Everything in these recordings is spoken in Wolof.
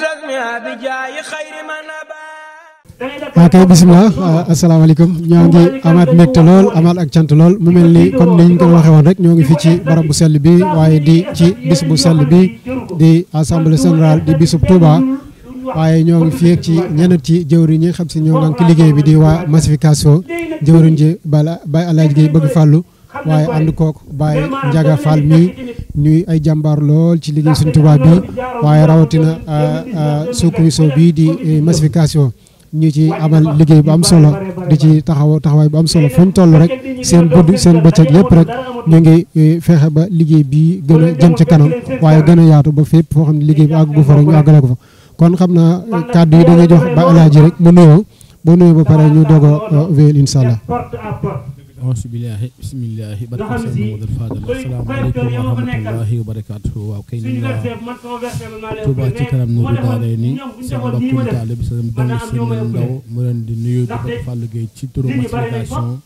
ok bisimilah ah, asalaamaaleykum ñoo ngi amaat mbégte lool amaat ak cant lool mu mel ni comme ni ñu ko waxee rek ñoo ngi fi ci barab bu sell bi waaye di ci bis bu sell bi di assemblée générale di bisub Touba. waaye ñoo ngi fi ci ñenn ci jëwriñ ñi xam si ñoo ngi liggéey bi di waa massification jëwriñ ji bala bay alaaj gi bëgg fàllu waaye ànd kook Baye Ndiaga Fall mii ñuy ay jàmbaar lool ci liggéey suñ Tuubaa bi waaye rawatina ah, ah, suuku wi bii di eh, massification ñu ci amal liggéey bu am solo di ci taxaw taxawaay bu am solo fu ñu toll rek seen gudd seen bëccëg lépp rek ñu ngi eh, fexe ba liggéey bii gën a jëm ci kanam waaye gën a yaatu ba fépp foo xam ne liggéey bi àggu fa ñu àggale ko fa kon xam naa eh, kàddu yi dañuy jox ba alaaji rek mu nuyoo ba nuyoo ba pare ñu doog a wéyal auzu billaahi bismillaahi barka Seydina Modou Fadal asalaamaaleykum wa rahmatullaahi waaw kay ñu ngi Touba ci kanam Nuuru Daarayni seen mbokkum taalib seen dong seen ndaw mu leen di nuyu di ko Fallou ci turu massification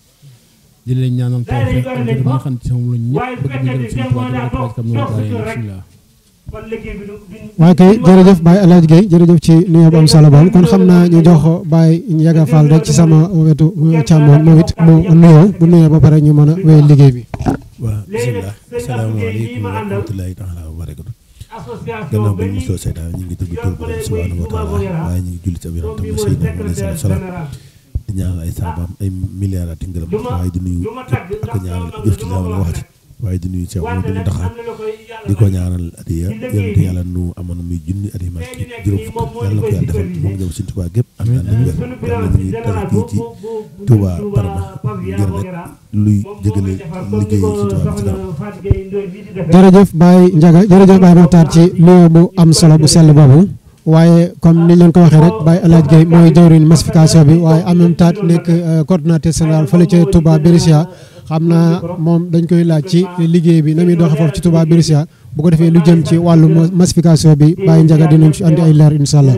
di leen ñaanal tawfeex xam ne ci moom la ñëpp bëgg ñu gën ci Touba Touba Nuuru Daarayni bismillah waaye kay jërëjëf Baye El Hadj Guèye jërëjëf ci nuyoo bu am solo kon xam naa ñu jox Baye Ndiaga Fall rek ci sama wetu ba pare ñu mën a wéyal liggéey bi. waaw bisimilah asalaamaaleykum wa rahmatulahi taala wa barakatu ñu mosoo seetaan ñu ngi tudd tur bi subhanahu wa waaye ñu ngi julli ci ab yaram tam sayyidina alayhi salaam di ñaanal ay saabaam ay milliards ati ngërëm waaye di nuyu ak ñaanal jëf ci jaamu la wax ci waaye di ca Cheikh Amadou Mountakha di ko ñaanal adiya yonent yàlla nu amoon muy junni at yi mag juróom fukk yàlla na ko yàlla ngi ñëw suñu Tuubaa gépp am na ñu wér yàlla dara fii ci Tuubaa Parma ngir rek luy jëgale liggéey ci ci kanam bu am solo bu sell boobu waaye comme ni leen ko waxee rek Baye El Hadj Gueye mooy jawriñ massification bi waaye en même temps nekk euh, coordonnateur général fële ca Touba Bérisia xam naa moom dañ koy laaj ci liggéey bi na muy doxee foofu ci Touba Brescia bu ko defee lu jëm ci wàllu massification bi Baye Ndiaga dinañ ci andi ay leer incha allah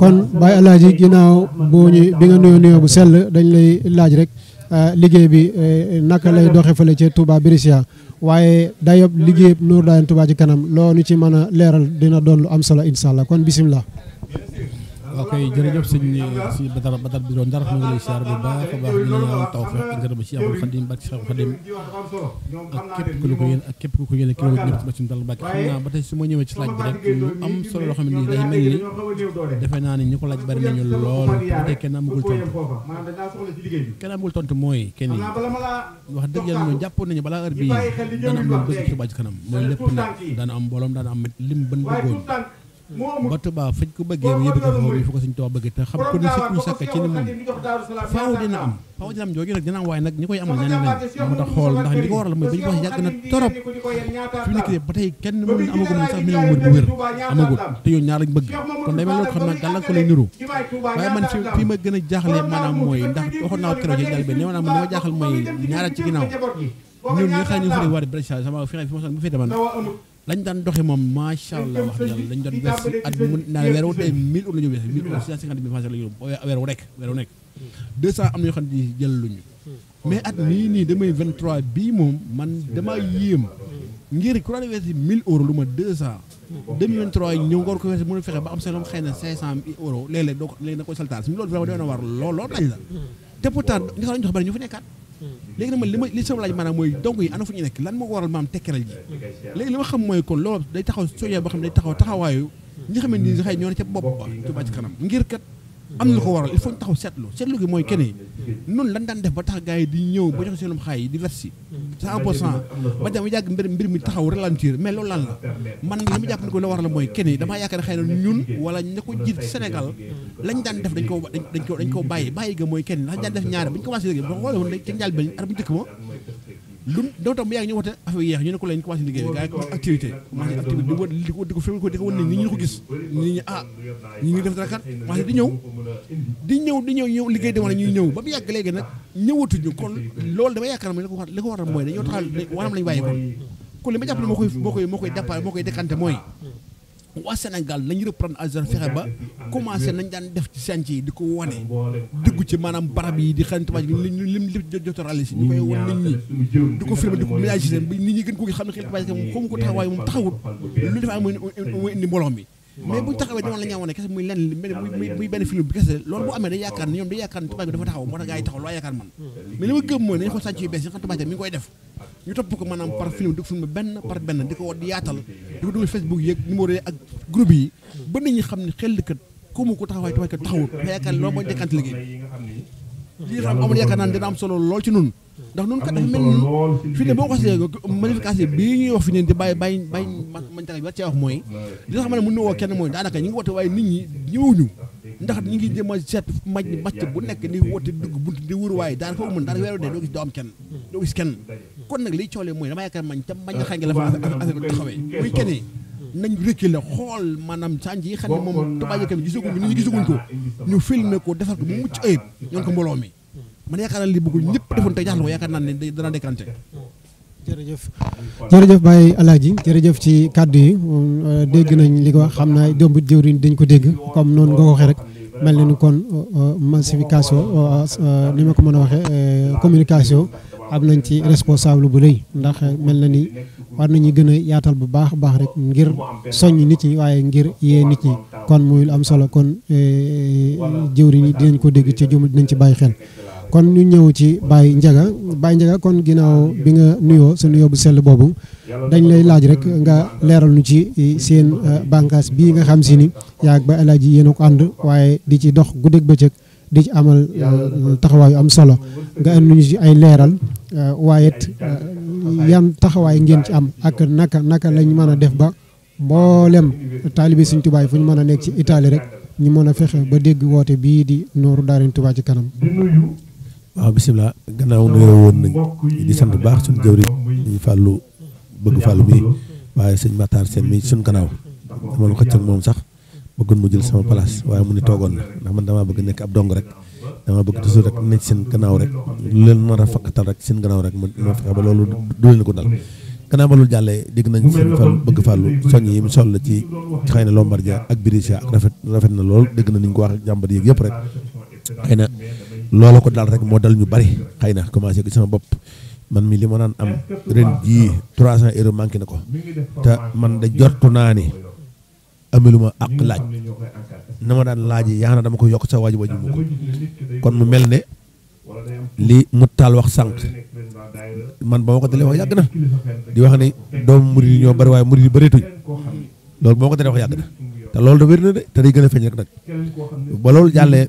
kon Baye Alaaji ginnaaw boo ñu bi nga nuyoo nuyoo bu sell dañ lay laaj rek euh, liggéey bi euh, naka lay doxee fële ca Touba Brescia waaye dayob liggéey Nour Daayeen Touba ci kanam loo ñu ci mën a leeral dina doon lu am solo incha allah kon bisimilah. ok jërëjëf sëñ si Badara Badara Biro Ndar ñu ngi lay siyaar bu baax a baax ñu ngi ñaan tawfeex ak ngërëm ci Abdou Khadim ak képp ku ko yéen ak képp ku ko yéen kilo ñëpp ba ci Ndar Mbacke tey su ma ñëwee ci laaj bi rek am solo loo xam ne nii day mel ni ne ñu ko laaj bari nañu lool ba tey kenn amagul tontu kenn amagul tontu mooy kenn yi wax dëgg yàlla ñoom jàppoon nañu balaa heure bii dana am loolu bëgg ci kanam mooy lépp nag dana am booloom dana am lim bën bëggoon ba Tuubaa fañ ko bëggee yëpp ko foofu fu ko suñ Tuubaa bëggee te xam ko ni sikku sàkk ci ni moom faaw dina am faaw dina am jooju nag dina am waaye nag ñi koy amal ñeneen lañ moo tax xool ndax li ko waral mooy ba na torop fi mu nekkee ba tey kenn mën amagul sax mi mër bu wér amagul te yoon ñaar lañ bëgg kon day mel loolu xam naa gàllankoor lay niru waaye man fi ma gën a jaaxle maanaam mooy ndax waxoon naa ko keroog ci njëlbeen ne maanaam li ma jaaxal mooy ñaara ci ginnaaw ñun ñi nga xam ne ñu fi war a sama fi ma soxla bu fi demal lañ daan doxe moom macha allah wax dëgg yàlla lañ doon wes at mu naan weer wu tey la mille francs la ñu weer wu nekk weer wu nekk 200 am na yoo xam ne jël luñu hmm. mais at nii nii damay 23 bii moom man dama yéem ngir ku daan wesi 1000 euros lu ma 200 2023 hmm. ñëw nga war ko wes mën a fexe ba am sa ko léeg na koy loolu vraiment doy na war lool loolu lañ la hmm. te pourtant nga xam ñu jox bari ñu fa nekkaat léegi nag man li ma li sama laaj maanaam mooy donc yi ana fu ñu nekk lan moo ko waral maam tekkeral ji léegi li ma xam mooy kon loolu day taxaw sojee boo xam ne day taxaw taxawaayu ñi nga xamante ni xëy ñoo ne ca bopp Touba ci kanam ngir kat am na ko waral il faut ñu taxaw seetlu seetlu gi mooy keneen noonu lan daan def ba tax gars yi di ñëw ba jox seenum xaay yi di lat si sa pour cent ba dem yàgg mbir mbir mi taxaw ralentir mais loolu lan la man li ma jàpp ni ko la war la mooy keneen damaa yaakaar xëy na ñun wala ña ko jiit ci Sénégal lañ daan def dañ ko dañ ko dañ ko bàyyi bàyyi ga mooy keneen lañ daan def ñaare bu ñu commencé léegi boo xoolee woon ci njaal bi ar bu njëkk ba lu daw tax bu yàgg ñu woote affaire yi yéex ñu ne ko lañ commencé liggéey bi gars yi activité commencé activité di wër di ko di ko filmé ko di ko wan nit ñi ñu ko gis ah, di ñëw di ñëw ñëw ba mu yàgg léegi nag ñëwatuñu kon loolu dama yaakaar li ko waral mooy dañoo taxal waram lañu bàyyi kon kon li ma jàpp ne moo koy moo koy moo moo koy décanté mooy waa Sénégal nañ reprendre à zéro fexe nañ daan def ci chantier yi di ko wone dugg ci maanaam barab yi di xantuwaaj lim lim jotorali si ñu koy won nit ñi di ko filmé di ko muy lenn muy benn film bi kese loolu bu amee day yaakaar ne ñoom day yaakaar ne tubaab bi dafa taxaw moo tax gaa yi taxaw loo yaakaar man mm. mais li ma gëm mooy nañ xool chantier yu bees yi xam tubaab mi ngi koy def ñu topp ko maanaam par film di ko filmé benn par benn di ko di yaatal di ko dugal Facebook yeeg numéro yi ak groupe yi ba nit ñi xam ne xel kat ku mu ko taxawaay te yaakaar loolu mooy dekkante liggéey naan dina am solo lool ci nun ndax nun kat dafa mel ni fii ne boo xasee modification bii ñuy wax fi ne di bàyyi bàyyi bàyyi man man cee wax mooy li xam ne mën na woo kenn mooy daanaka ñu ngi woote waaye nit ñi ñëwuñu ndax ñu ngi jëm a seet maj màcc eh, bu nekk ni woote dugg bunt di wër waaye daanaka ko mën daanaka weeru dee doo gis doo am kenn doo gis kenn kon nag liy coolee mooy dama yaakaar mañ tam mañ ah, xay nga la fa affaire bi taxawee muy kenee nañ rékki la xool maanaam sànji yi xam ne moom tubaab yi tamit gisaguñ ko nit ñi gisaguñ ko ñu filmé ko defar ko mu mucc ayib ñoon ko mbooloo mi man yaakaar naa li bëgg ñëpp defoon tey jaaxle ko yaakaar naa ne dana décanté jërëjëf jërëjëf Baye ji jërëjëf ci kàddu yi euh, dégg nañ li ko wax xam naa dombut jëwriñ dañ ko dégg comme noonu ko waxee rek mel na ni kon euh, euh, massification ni ma ko mën a waxee communication am nañ ci responsable bu rëy ndax mel na ni war nañu gën a yaatal bu baax a baax rek ngir soñ nit ñi waaye ngir yee nit ñi kon muy am solo kon jëwriñ yi dinañ ko dégg ci jëmm dinañ ci bàyyi xel. kon ñu ñëw ci Baye Ndiaga Baye Ndiaga kon ginnaaw bi nga nuyoo sa nuyoo bu sell boobu dañ lay laaj rek nga leeral nu ci eh, seen eh, bànqaas bii nga xam si ni yaag ba El Hadji yéen ko ànd waaye di ci dox guddeeg bëccëg di ci amal eh, taxawaayu am solo nga indi ay leeral waaye yan taxawaay ngeen ci am ak naka naka lañ mën a def ba mboolem taalibe Sëriñ Tuubaa yi fu ñu mën a nekk ci itali rek ñu mën a fexe ba dégg woote bii di nooru daarin Tuubaa ci kanam. waaw bisimilah gannaaw nuyoo woon nañ di sant bu baax suñu jëwriñ ñu fàllu bëgg fàllu bi waaye sëñ Matar seen mi suñ gannaaw dama xëcc ak moom sax bëggoon mu jël sama place waaye mu ni toogoon na ndax man damaa bëgg nekk ab dong rek dama bëgg toujours rek nekk seen gannaaw rek lu leen mën a rek seen gannaaw rek ma fexe ba loolu du leen ko dal gannaaw ba loolu jàllee dégg nañ seen fàllu soñ yi mu sol la ci xëy na Lombardia ak Brescia ak rafet rafet na lool dégg na ni ko wax jàmbat yéeg yépp rek xëy na loola ko dal rek moo dal ñu bari xëy na commencé gis sama bopp man mi li ma daan am ren jii 300 euros manqué na ko te man da jortu naa ni ameluma ak laaj na ma daan laaj yi yaa na dama ko yokk sa waaju waaju mu ko kon mu mel ne li mu taal wax sànq man ba ma ko delee wax yàgg na di wax ni doom murid yi ñoo bari waaye murid yi bëreetuñ loolu ba ma ko dalee wax yàgg na te loolu da wér na de te day gën a feeñ rek nag ba jàllee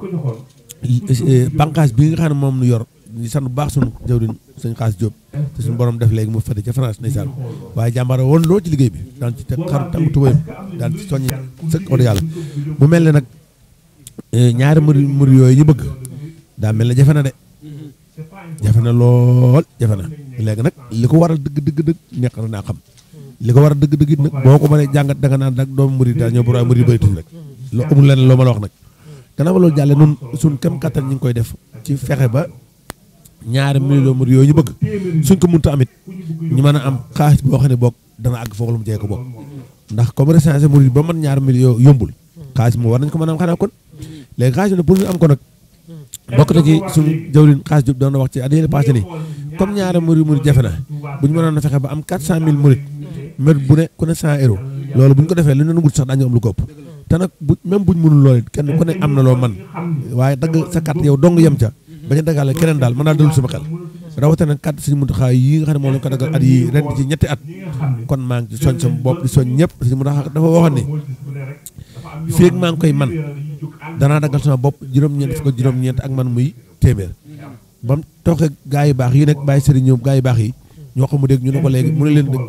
bànqaas bi nga xam ne moom nu yor di san bu baax sunu jawriñ sëñ Xaas Diop te suñu borom def léegi mu fete ca France ndeysaan waaye jàmbaara woon loo ci liggéey bi daan ci teg xar tàng tubayam daan ci soññ sëkk oto yàlla mu mel ne nag e, ñaari mbir mbir yooyu ñu bëgg daa mel ne jafe na de jafe na lool jafe na léegi nag li ko waral dëgg dëgg dëgg nekk na naa xam li ko waral dëgg dëgg it nag boo ko mënee jàngat danga naan nag doomu mbir yi daal ñëw bu raay mbir yi bëri tuuti rek loo gannaaw ba loolu jàlle nun suñ kem kattan ñu ngi koy def ci fexe ba ñaari millions yooyu ñu bëgg suñ ko mënta amit ñu mën a am xaalis boo xam ne boog dana àgg foofu lu mu jee ko boog ndax comme recensé murid ba mën ñaari millions yombul xaalis mu war nañ ko mën a am xanaa kon léegi xaalis bi nag ñu am ko nag bokk na ci suñu jawlin xaalis jub doon na wax ci at yële passé nii comme ñaari murid murid jafe na bu ñu mënoon a fexe ba am 400000 murid mètre bu ko defee li ñu doon wut sax te nag bu même buñ mënul kenn ku ne am na loo man waaye dagg sa kat yow dong yem ca bañ a daggaale keneen daal mën naa dalul sama xel rawatina kat suñu muntaxaa yi nga xam ne moom lañ ko daggal at yi ren ci ñetti at kon maa ngi ci soñ sama bopp di soñ ñëpp suñu muntaxaa dafa waxoon ni feeg maa ngi ko juróom-ñeent ak man muy téeméer ba mu toogee gaa yu baax yi nekk bàyyi sëriñ ñoom gaa yu baax yi ñoo ko mu dégg ñu ne ko léegi mu ne leen dégg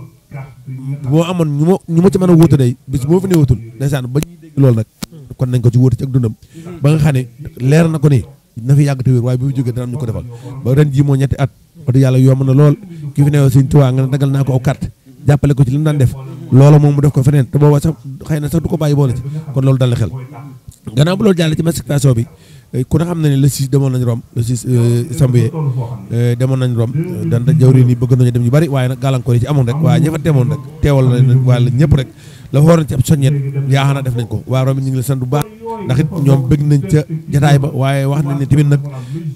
boo amoon ñu ma ñu ma ci mën a wóote day bis boo fi ne wóotul loolu nag kon nañ ko ci wóote ci ak dundam mm-hmm. ba nga xam ne leer na ko ni na fi yàgg te wér waaye bi mu jógee dana am ñu ko defal ba ren jii moo ñetti at wax dëgg yàlla yomb na lool ki fi eh, nañ Rome le 6 eh, sambuye eh, demoon nañ Rome danta jawri dem ñu bari waaye nag gàllankoor yi ci amoon rek waaye ña fa rek teewal na wàlla rek la waroon ci ab soññet yaakaar naa def nañ ko waa Romi ñu ngi la sant bu baax ndax it ñoom bëgg nañ ca jataay ba waaye wax nañ ne tamit nag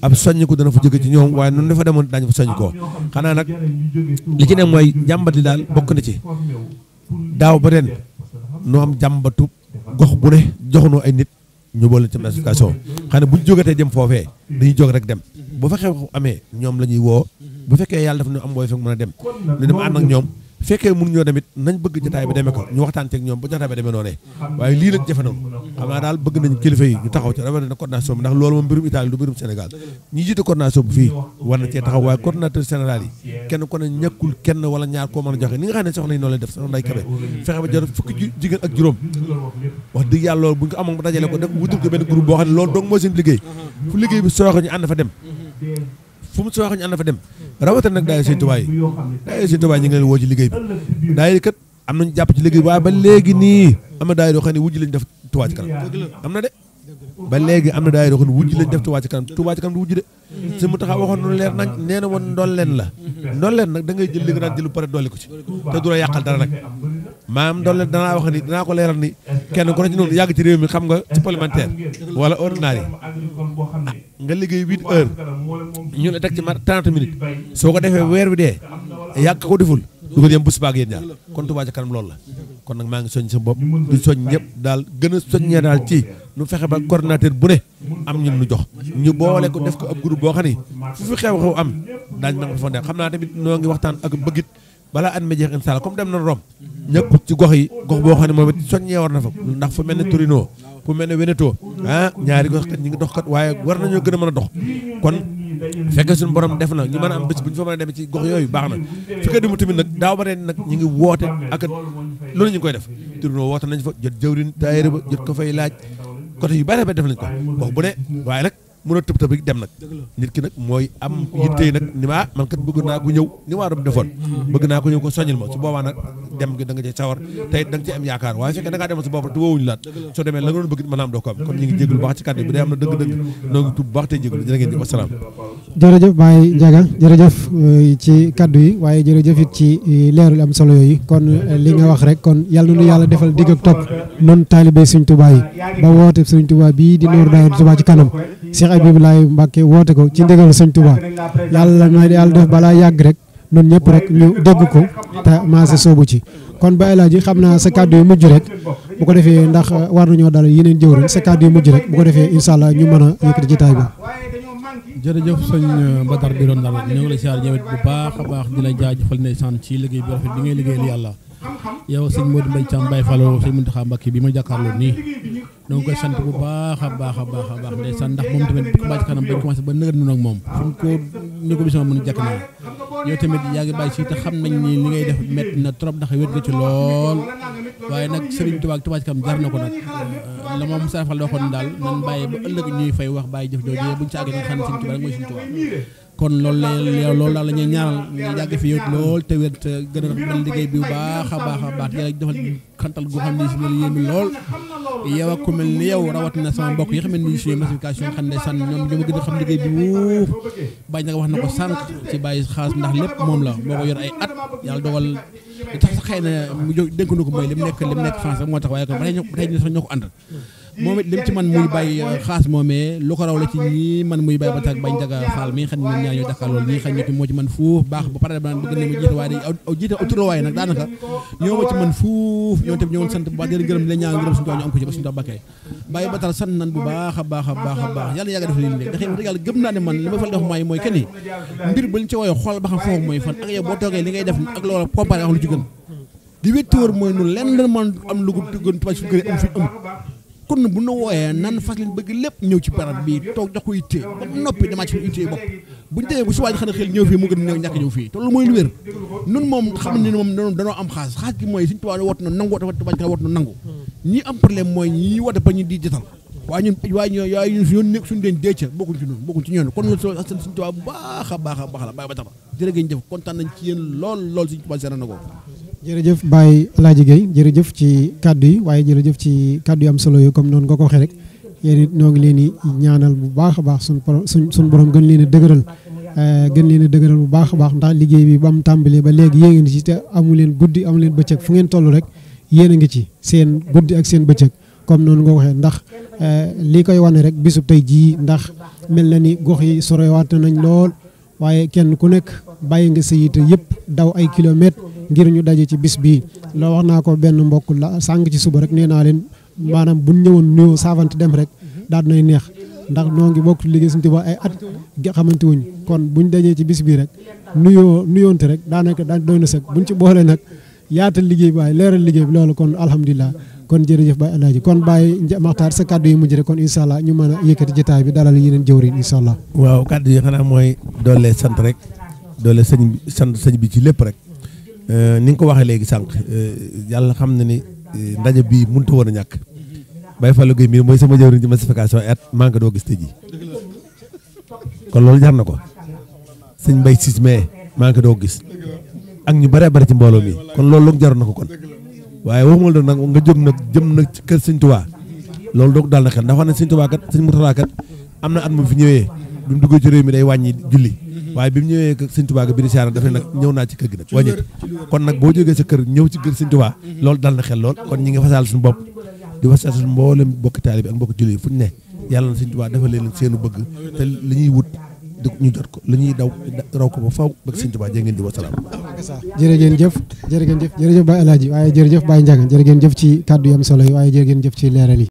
ab soññ ko dana fa jóge ci ñoom waaye noonu dafa demoon daañu fa soññ koo xanaa nag li ci ne mooy jàmbat li daal bokk na ci daaw ba ren noo am jàmbatu gox bu ne noo ay nit ñu boole ci association xam ne bu ñu jógatee jëm foofee dañuy jóg rek dem bu fa xew amee ñoom la ñuy woo bu fekkee yàlla daf nu am wooy fekk mën a dem ne dama ànd ak ñoom fekkee mënu ñoo tamit nañ bëgg jotaay bi demee ko ñu waxtaan ceeg ñoom ba jotaay bi demee noonee waaye lii nag jafe na xam naa daal bëgg nañ kilifa yi ñu taxaw ci rawatina coordination bi ndax loolu moom mbirum Italie du mbirum Sénégal ñi jiite coordination bi fii war na cee taxaw waaye coordinateur général yi kenn ku ne ñàkkul kenn wala ñaar koo mën a joxe ni nga xam ne soxna yi noonu lay def soxna Nday Kébé fexe ba jot fukki jigéen ak juróom yàlla loolu bu ñu ko amoon dajale ko def wutul ko benn groupe boo liggéey bi sooxe ñu fa dem fu mu si waxee ñu ànd fa dem rawatina nag daayira Sëñ Tuubaa yi daayira Sëñ Tuubaa yi ñu ngi leen woo ci liggéey bi daayira kat am nañu jàpp ci liggéey bi waaye ba léegi nii am na daayira yoo xam ne wujj lañu def Tuubaa am na de ba léegi am na daayira waxoon wujj lañ def Touba ci kanam Touba ci kanam du wujj de si mu taxaw waxoon nu leer nañ nee na woon ndolleen la ndolleen nag da ngay jël li nga daan jël bu pare dolli ko ci te du la yàqal dara nag maam ndolleen danaa wax ni danaa ko leeral ni kenn ku ne ci noonu yàgg ci réew mi xam nga ci parlementaire wala ordinaire yi ñu ne teg ci mat trente minutes ko defee weer wi dee yàq ko deful du ko dem bu subaak yéen ñaar kon Touba ci kanam loolu la kon nag maa ngi soñ sa bopp di soñ ñëpp daal gën a soññee daal ci nu fexe ba coordinateur bu ne am ñu nu jox ñu boole ko def ko ab groupe boo xam ni fu fi xew xew am daañ na nga fa xam naa tamit noo ngi waxtaan ak bëggit balaa at ma jeex incha dem na Rome ñëpp ci gox yi gox boo xam ne moom it soññee na fa ndax fu mel ne turinoo fu mel ne Veneto ah ñaari gox kat ñi ngi dox kat waaye war nañoo gën a mën a dox kon fekke suñu borom def na ñu mën a am bés bu ñu fa mën a demee ci gox yooyu baax na fi ko dimu tamit nag daaw ba nag ñi ngi woote ak loolu ñu ngi koy def tribunal woote nañ fa jot jëwrin daayira ba jot ko fay laaj côté yu bare ba def nañ ko wax bu ne waaye nag mën a tëb tëb dem nag nit ki nag mooy am yitte nag ni ma ah, man kat bëgg naa ko ñëw ni waa doon defoon mm-hmm. Mm-hmm. bëgg naa ko ñëw ko soññil ma su boobaa nag dem gi da nga cay sawar tey da nga cay am yaakaar waaye fekkee da ngaa demoon sa bopp te woowuñu laat soo demee la nga doon bëgg mën a am doo ko am kon ñu ngi jégalu baax ci kàddu bi day am na dëgg-dëgg noo ngi tub baax tey jégalu jërë ngeen jëf wasalaam jërëjëf Baye Ndiaga jërëjëf euh, ci kàddu yi waaye jërëjëf it ci euh, leerul am solo yooyu kon euh, li nga wax rek kon yàlla nanu yàlla defal digg ak topp noonu taalibe Sëriñ Tuubaa yi ba woote Sëriñ Tuubaa bii di nooru daayira Tuubaa ci kanam Cheikh Habib Laye Mbacke woote ko ci ndigal sëñ Touba yàlla na yàlla def balaa yàgg rek ñun ñëpp rek ñu dégg ko te maase soobu ci. kon ba Laaji xam naa sa kàddu yu mujj rek bu ko defee ndax war nañoo dal yeneen jëwriñ sa kàddu yu mujj rek bu ko defee incha allah ñu mën a yëkkati jotaay bi. jërëjëf sëñ euh, Badar bi doon dalal ñu ngi lay siyaar ñëwet bu baax a baax di la jaajëfal ndeysaan ci liggéey bi rafet bi ngay liggéeyal yàlla yow sëñ Modou Mbaye Thiam Baye Fallo sëñ Mountakha mbakki bi ma jàkkaarloo nii da nga koy sant bu baax a baax a baax a baax ndeysaan ndax moom tamit Touba ba nëgër noonu moom fu mu ko ni ko bisima mën a xam nañ ni li ngay def métti na trop ndax wét nga ci lool waaye nag Serigne Touba Touba Ca Kanam jar na ko nag euh, la moom sarafal la waxoon daal nan bàyyi ba ñuy fay wax bàyyi jëf jooju buñ ci àggee nga xam ne Serigne Touba kon loolu la loolu daal la ñuy ñaaral nga yàgg fi yow lool te wér te gën bu baax a baax a baax yàlla defal kantal goo xam ne si yéen lool yow ak ku mel ni yow rawatina sama mbokk yi xam ne ni suñu massification xam ne sànn ñoom ñoo ma gën a xam liggéey bi bàyyi nag wax na ko sànq ci bàyyi xaas ndax lépp moom la moo ko yor ay at yàlla dogal tax sax xëy na mu jóg dénk ko mooy li mu nekk li mu nekk France moo tax waaye kon ba tey ñoo ko ànd moom it lim ci man muy bay euh, xaas moomee lu ko raw la ci ñii man muy bay ba tag bañ jaga xaal mi xam ñoom ñaar ñoo dakar loolu ñii xam ne ba ñoom sant bu baax ba suñu bakkee bàyyi baax a baax a baax a baax yàlla yàgga def leen léegi ndax yàlla gëm naa ne man li ma fal def mooy mooy kenn mbir bu ñu ci woyoo xool ba xam foofu mooy fan ak yow boo toogee li ngay def ak loola comparé wax lu ci gën di wéttuwër mooy nu lenn man am lu gën tubaab suñu kër amut kon bu na wooyee nan fas leen bëgg lépp ñëw ci barab bi toog jox ko ittee ba noppi demaat ci ittee bopp bu subaa ji xana ñëw fii mu mooy lu wér nun moom xam ne moom danoo am xaas xaas gi mooy suñu tubaab ne na nangu woote woote na nangu ba ñu di waaye ñun waaye ñun waaye ñun yoon bokkuñ ci noonu bokkuñ ci ñoon kon loolu tubaab baax a baax a baax la baax ba tax jërë ngeen jëf kontaan nañ ci yéen lool lool suñu tubaab seera na ko jërëjëf Baye Alaaji Gueye jërëjëf ci kàddu yi waaye jërëjëf ci kàddu yi am solo yu comme noonu nga ko waxee rek yéen it ñoo ngi leen di ñaanal bu baax a baax suñ suñ borom gën leen a dëgëral eh, gën leen a bu baax a baax ndax liggéey bi ba mu tàmbalee ba léegi yéen a ngi ci te amu leen guddi amu leen bëccëg fu ngeen toll rek yéen a ngi ci seen guddi ak seen bëccëg comme noonu nga ko waxee ndax eh, li koy wane rek bisub tey jii ndax mel na ni gox yi sorowaat nañ lool waaye kenn ku nekk bàyyi nga sa yite yëpp daw ay kilomètres ngir ñu daje ci bis bii loo wax naa ko benn mbokk la sàng ci suba rek nee naa leen maanaam bu ñëwoon nuyoo saafanti dem rek daal nay neex ndax noo ngi bokk liggéey suñu tubaab ay at xamante wuñ kon bu ñu dajee ci bis bii rek nuyoo nuyoonte rek daanaka daan doy na sëg ñu ci boolee nag yaatal liggéey bi waaye leeral liggéey bi loolu kon alhamdulilah kon jërëjëf Baye Alaaji kon Baye Maxtaar sa kàddu yi mujj rek kon incha ñu mën a yëkkati jotaay bi dalal yeneen jëwriñ incha allah. waaw kàddu yi xanaa mooy doole sant rek doole sëñ bi ci lépp rek euh, ni nga ko waxee léegi sànq euh, yàlla xam na ni euh, ndaje bii mënut a woon a ñàkk Baye Fallou Gueye mooy sama jëwriñ ci massification et maa ngi ko doo gis tey jii kon loolu jar na ko sëñ Mbaye Cissé maa ngi ko doo gis ak ñu bëree bëri ci mbooloo mi kon loolu jaroon na ko kon. waaye waxuma la nag nga jëm nag jëm nag ci kër sëñ Tuubaa loolu doog dal na xel ndax wax na sëñ Tuubaa kat sëñ Murtalaa kat am na at mu fi ñëwee bi mu duggee ci réew mi day wàññi julli waaye bi mu ñëwee sëñ Tuubaa ga bi di siyaara daf ne nag ñëw naa ci kër gi nag wàññi kon nag boo jógee sa kër ñëw ci kër sëñ Tuubaa loolu dal na xel lool kon ñi ngi fasaal suñu bopp di fasaal suñu mboolem bokki taalibe bi ak mbokki julli yi fu ñu ne yàlla na sëñ Tuubaa dafa leen seenu bëgg te ñuy wut di ñu jot ko la ñuy daw raw ko ba faw bëgg sëñ Tuubaa jërë ngeen di wasalaam jërë ngeen jëf jërë ngeen jëf jërëjëf Baye Alaaji waaye jërëjëf Baye Ndiaga jërë ngeen jëf ci kàddu yi am solo yi waaye jërë jëf ci leeral yi